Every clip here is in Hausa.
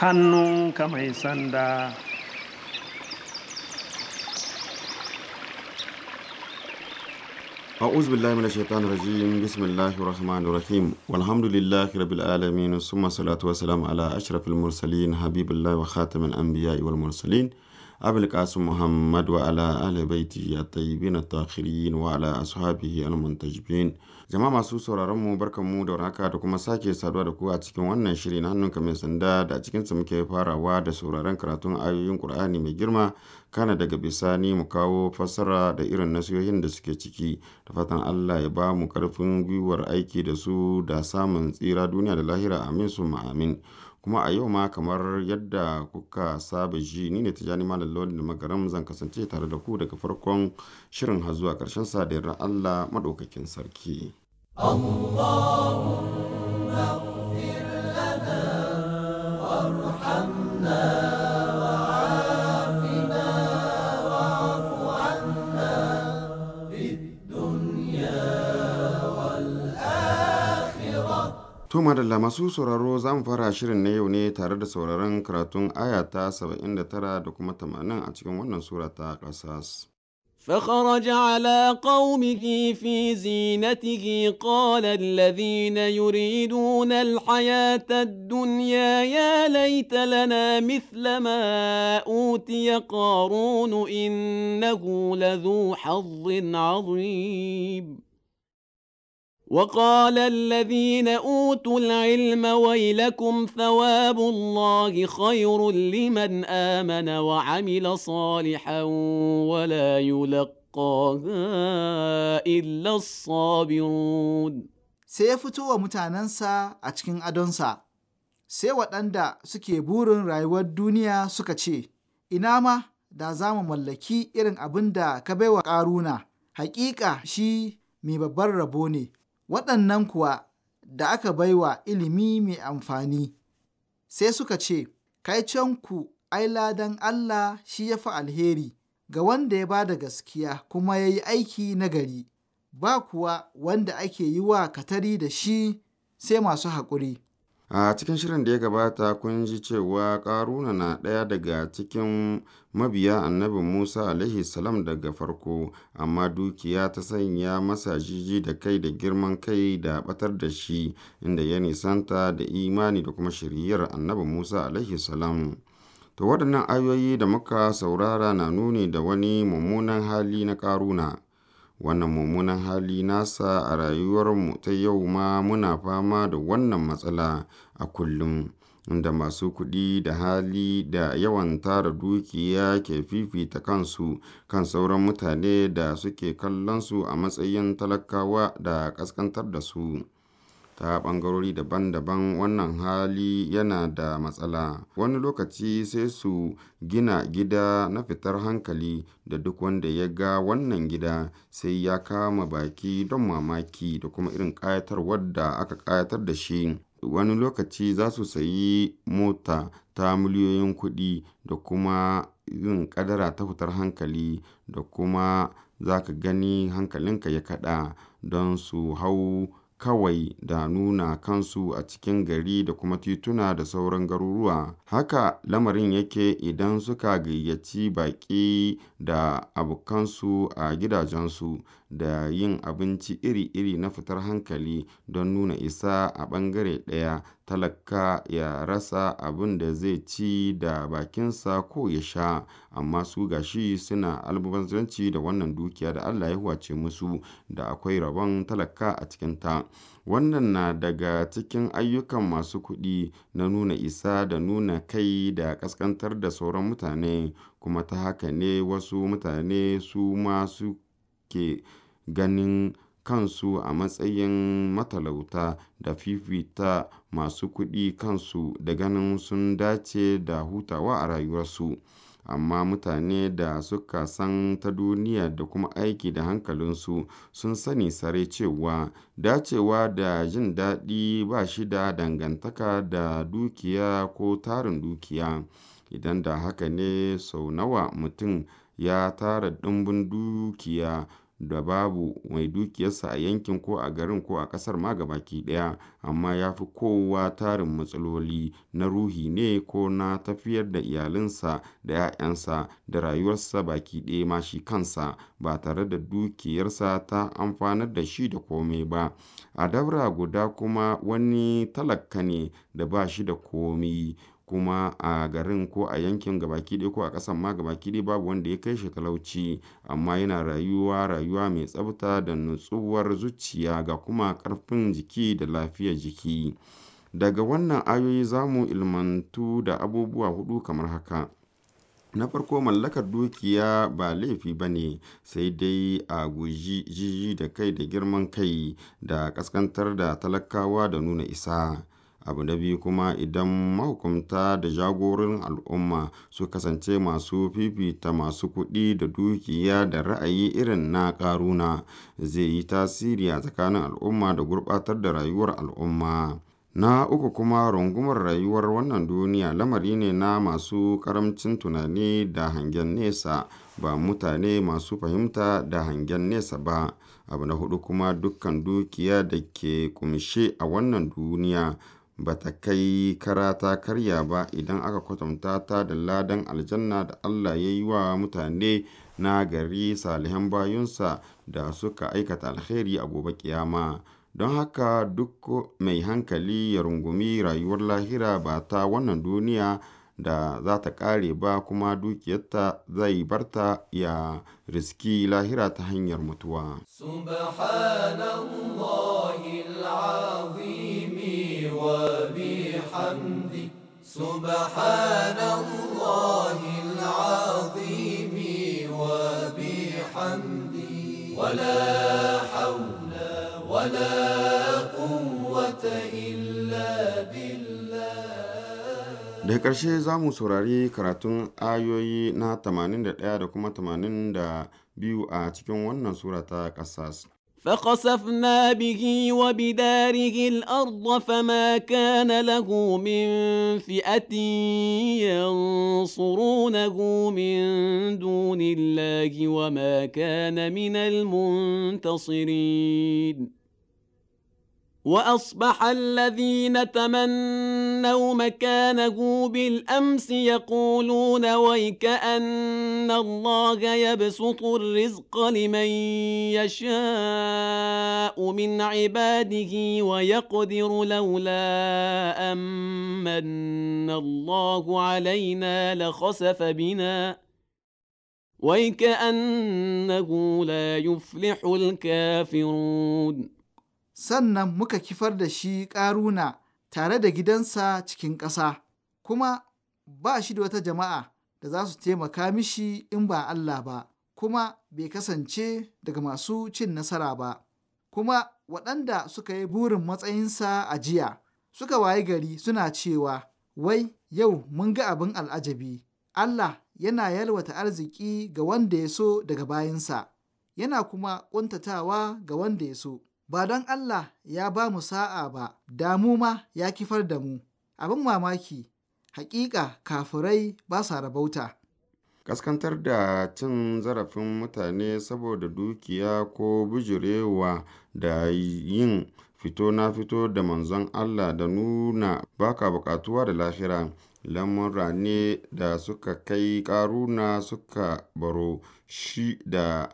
ka mai sanda أعوذ بالله من الشيطان الرجيم بسم الله الرحمن الرحيم والحمد لله رب العالمين ثم الصلاة والسلام على أشرف المرسلين حبيب الله وخاتم الأنبياء والمرسلين abulkasim muhammad wa ala ahli baiti ya tayi na tahirin wa ala ashabihi jama'a masu sauraron mu barkanmu da warhaka da kuma sake saduwa da ku a cikin wannan shiri na hannunka mai sanda da a cikin su muke farawa da sauraron karatun ayoyin Qur'ani mai girma kana daga bisani mu kawo fassara da irin nasihohin da suke ciki da fatan Allah ya ba mu karfin gwiwar aiki da su da samun tsira duniya da lahira amin su amin Kuma a yau ma kamar yadda kuka saba ji ni ne tijani Malam Lawal da Magaram zan kasance tare da ku daga farkon shirin har zuwa karshen sa da yarda Allah maɗaukakin sarki. Allahumma To madalla masu sauraro za mu fara shirin na yau ne tare da sauraron karatun aya ta 79 da kuma 80 a cikin wannan sura ta ƙasas. فخرج على قومه في زينته قال الذين يريدون الحياة الدنيا يا ليت لنا مثل ما أوتي قارون إنه لذو حظ عظيم وقال الذين اوتوا العلم ويلكم ثواب الله خير لمن امن وعمل صالحا ولا يلقاها الا الصابرون sai ya fito wa mutanensa a cikin adonsa sai waɗanda suke burin rayuwar duniya suka ce ina ma da za mu mallaki irin abin da ka baiwa ƙaruna Haƙiƙa shi mai babbar rabo ne waɗannan kuwa da aka baiwa ilimi mai amfani sai suka ce kai ku ai ladan Allah shi ya fi alheri ga wanda ya ba da gaskiya kuma ya yi aiki nagari ba kuwa wanda ake yi wa katari da shi sai masu haƙuri a cikin shirin da ya gabata kun ji cewa karuna na ɗaya daga cikin mabiya annabi musa alaihi salam daga farko amma dukiya ta sanya masa jiji da kai da girman kai da batar da shi inda ya nisanta da imani da kuma shiriyar annabi musa alaihi salam to waɗannan ayoyi da muka saurara na nuni da wani mummunan hali na ƙaruna Wannan mummunan hali nasa a rayuwarmu ta yau ma muna fama da wannan matsala a kullum, inda masu kuɗi da hali da yawan tara dukiya ke fifita kansu kan sauran mutane da suke kallon su a matsayin talakawa da ƙasƙantar da su. ta ɓangarori daban-daban wannan hali yana da matsala wani lokaci sai su gina gida na fitar hankali da duk wanda ya ga wannan gida sai ya kama baki don mamaki da kuma irin ƙayatarwar wadda aka kayatar da shi wani lokaci za su sayi mota ta miliyoyin kuɗi da kuma yin ƙadara ta fitar hankali da kuma za ka gani hankalinka ya kaɗa don su hau kawai da nuna kansu a cikin gari da kuma tituna da sauran garuruwa. Haka lamarin yake idan suka gayyaci baƙi da abokansu a gidajensu. da yin abinci iri-iri na fitar hankali don nuna isa a ɓangare ɗaya, talaka ya rasa abin da zai ci da bakinsa ko ya sha, amma su gashi suna almubazzaranci da wannan dukiya da Allah ya huwace musu da akwai rabon talaka a cikinta. Wannan na daga cikin ayyukan masu kuɗi na nuna isa da nuna kai da ƙasƙantar da sauran mutane, kuma ta haka ne wasu mutane su ma su ke ganin kansu a matsayin matalauta da fifita masu kuɗi kansu da ganin sun dace da hutawa a rayuwarsu. Amma mutane da suka san ta duniya da kuma aiki da hankalinsu sun sani sare cewa dacewa da jin daɗi ba shi da dangantaka da dukiya ko tarin dukiya. Idan da haka ne, sau nawa mutum ya tara ɗimbin dukiya da babu mai dukiyarsa a yankin ko a garin ko a ƙasar ma gabaki ɗaya, amma ya fi kowa tarin matsaloli na ruhi ne ko na tafiyar da iyalinsa da ‘ya'yansa da rayuwarsa baki ɗaya ma shi kansa ba tare da dukiyarsa ta amfanar da shi da komai ba. A dabra guda kuma wani talaka ne da ba shi da komi. kuma a garin ko a yankin gabaki ɗaya ko a ƙasan ma gabaki ɗaya babu wanda ya kai shi talauci amma yana rayuwa rayuwa mai tsafta da nutsuwar zuciya ga kuma ƙarfin jiki da lafiyar jiki daga wannan ayoyi za mu ilmantu da abubuwa huɗu kamar haka na farko mallakar dukiya ba laifi ba ne sai dai a guji jiji da kai da girman kai da ƙasƙantar da talakawa da nuna isa abu na biyu kuma idan mahukunta da jagorin al'umma su kasance masu fifita masu kuɗi da dukiya da ra'ayi irin na ƙaruna zai yi tasiri a tsakanin al'umma da gurbatar da rayuwar al'umma na uku kuma rungumar rayuwar wannan duniya lamari ne na masu karamcin tunani da hangen nesa ba mutane masu fahimta da hangen nesa ba abu na hudu kuma dukkan dukiya da ke kumshe a wannan duniya ba ta kai kara ta karya ba idan aka kwatanta ta da ladan aljanna da Allah ya yi wa mutane na gari salihan bayunsa da suka aikata alheri a gobe kiyama. Don haka duk mai hankali ya rungumi rayuwar lahira ba ta wannan duniya da za ta ƙare ba kuma dukiyarta zai barta ya riski lahira ta hanyar mutuwa. Subhanallah سبحان الله العظيم وبحمده ولا حول ولا قوة إلا بالله da ƙarshe za mu saurari karatun ayoyi na 81 da kuma 82 a cikin wannan sura ta ƙasas فخسفنا به وبداره الارض فما كان له من فئه ينصرونه من دون الله وما كان من المنتصرين وأصبح الذين تمنوا مكانه بالأمس يقولون ويكأن الله يبسط الرزق لمن يشاء من عباده ويقدر لولا أمن الله علينا لخسف بنا ويكأنه لا يفلح الكافرون sannan muka kifar da shi ƙaruna tare da gidansa cikin ƙasa, kuma ba shi da wata jama'a da za su taimaka mishi in ba Allah ba, kuma bai kasance daga masu cin nasara ba, kuma waɗanda suka yi burin matsayinsa a jiya, suka wayi gari suna cewa, wai yau mun ga abin al'ajabi, Allah yana yalwata arziki ga wanda ya so daga bayansa, yana kuma ƙuntatawa ga wanda ya so. ba don Allah ya ba mu sa'a ba, damu ma ya kifar da mu, abin mamaki, hakika kafurai ba sa rabauta. Kaskantar da cin zarafin mutane saboda dukiya ko bijirewa da yin fito na fito da manzon Allah da nuna baka bukatuwa da lahira. lamura ne da suka kai ƙaruna suka baro shi da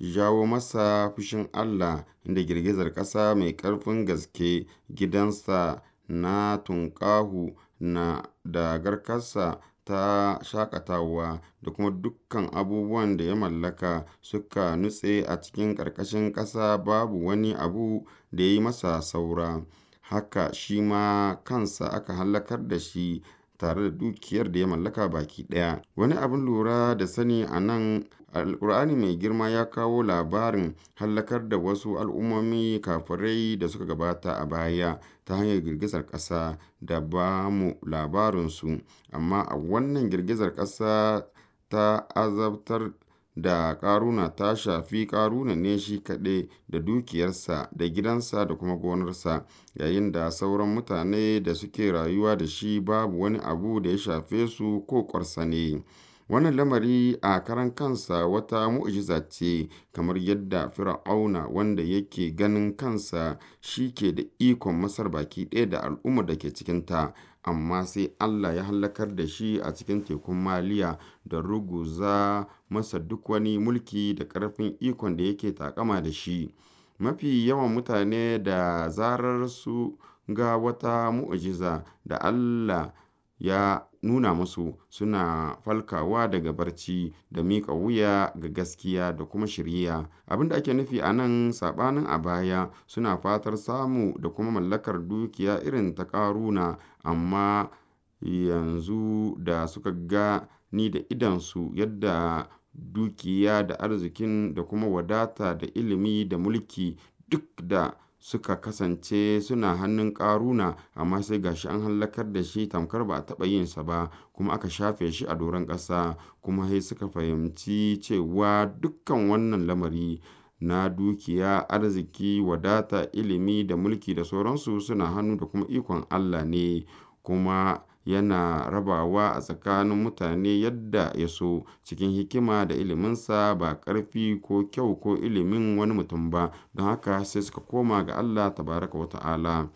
jawo masa fushin Allah da girgizar ƙasa mai ƙarfin gaske gidansa na tunƙahu na da garkarsa ta shaƙatawa da kuma dukkan abubuwan da ya mallaka suka nutse a cikin ƙarƙashin ƙasa babu wani abu da ya yi masa saura haka shi ma kansa aka hallakar da shi tare da dukiyar da ya mallaka baki ɗaya. Wani abin lura da sani a nan Alƙur'ani mai girma ya kawo labarin hallakar da wasu al'ummomi kafirai da suka gabata a baya ta hanyar girgizar ƙasa da ba mu labarinsu, amma a wannan girgizar ƙasa ta azabtar da ƙaruna ta shafi ƙaruna ne shi kaɗai da dukiyarsa da gidansa da kuma gonarsa yayin da sauran mutane da suke rayuwa da shi babu wani abu da ya shafe su ko ƙwarsa ne wannan lamari a karan kansa wata mu'jiza ce kamar yadda fir'auna wanda yake ganin kansa shi ke da ikon masar baki ɗaya da al'ummar da ke cikinta amma sai Allah ya hallakar da shi a cikin tekun Maliya da ruguza masa duk wani mulki da ƙarfin ikon da yake takama da shi. Mafi yawan mutane da zarar su ga wata mu'ujiza da Allah ya nuna musu suna falkawa daga barci da miƙa wuya ga gaskiya da kuma shiriya abinda ake nufi a nan saɓanin a baya suna fatar samu da kuma mallakar dukiya irin ta ƙaruna amma yanzu da suka ga ni da idonsu yadda dukiya da arzikin da kuma wadata da ilimi da mulki duk da suka kasance suna hannun ƙaruna amma sai gashi an hallakar da shi tamkar ba a taɓa yinsa ba kuma aka shafe shi a doron ƙasa kuma sai suka fahimci cewa dukkan wannan lamari na dukiya arziki wadata ilimi da mulki da sauransu suna hannu da kuma ikon Allah ne kuma yana rabawa a tsakanin mutane yadda ya so, cikin hikima da iliminsa, ba karfi ko kyau ko ilimin wani mutum ba, don haka sai suka koma ga Allah tabaraka wa ta'ala.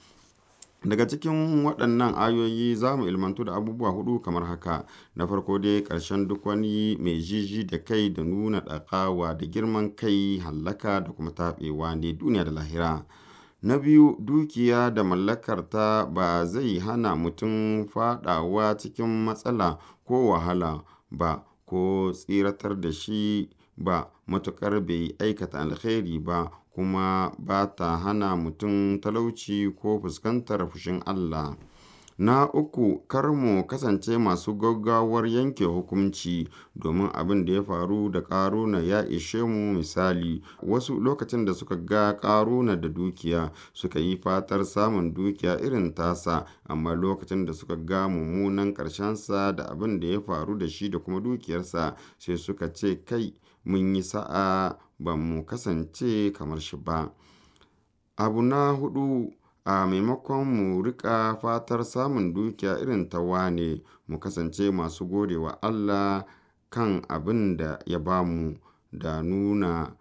Daga cikin waɗannan ayoyi za mu ilmantu da abubuwa hudu kamar haka, na farko dai ƙarshen duk wani mai jiji da kai da nuna ɗaƙawa da girman kai hallaka da kuma taɓewa ne duniya da lahira. Na biyu, dukiya da mallakarta ba zai hana mutum fadawa cikin matsala ko wahala ba ko tsiratar da shi ba, matuƙar bai aikata alkhairi ba, kuma ba ta hana mutum talauci ko fuskantar fushin Allah. Na uku, kar mu kasance masu gaggawar yanke hukunci, domin abin da ya faru da Ƙaruna ya ishe mu misali. Wasu, lokacin da suka ga Ƙaruna da dukiya, suka yi fatar samun dukiya irin tasa, amma lokacin da suka ga mummunan ƙarshensa da abin da ya faru da shi da kuma dukiyarsa, sai suka ce, Kai, mun yi sa'a ba mu kasance kamar shi ba. Abu na huɗu, A maimakon mu riƙa fatar samun dukiya irin ta wane, mu kasance masu gode wa Allah kan abin da ya ba mu, da nuna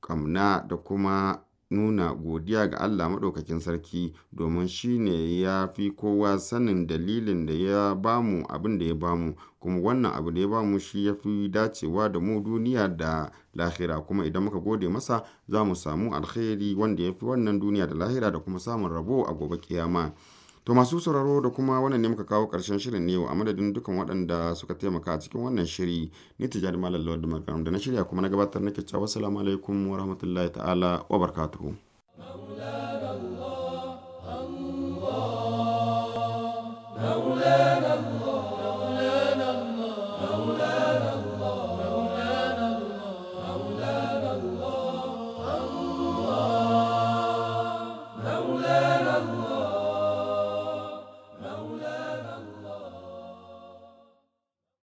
kamna da kuma nuna godiya ga Allah Maɗaukakin Sarki, domin shi ne ya fi kowa sanin dalilin da ya bamu abin da ya bamu kuma wannan abu da ya bamu shi ya fi dacewa da mu duniya da lahira, kuma idan muka gode masa za mu samu alkhairi wanda ya fi wannan duniya da lahira da kuma samun rabo a gobe kiyama To masu sauraro da kuma wannan ne muka kawo ƙarshen shirin ne a madadin dukkan waɗanda suka taimaka cikin wannan shiri ni tijjani malam lawal da da na shirya kuma na gabatar na cewa salamu alaikum wa rahmatullahi ta'ala wa barakatuhu.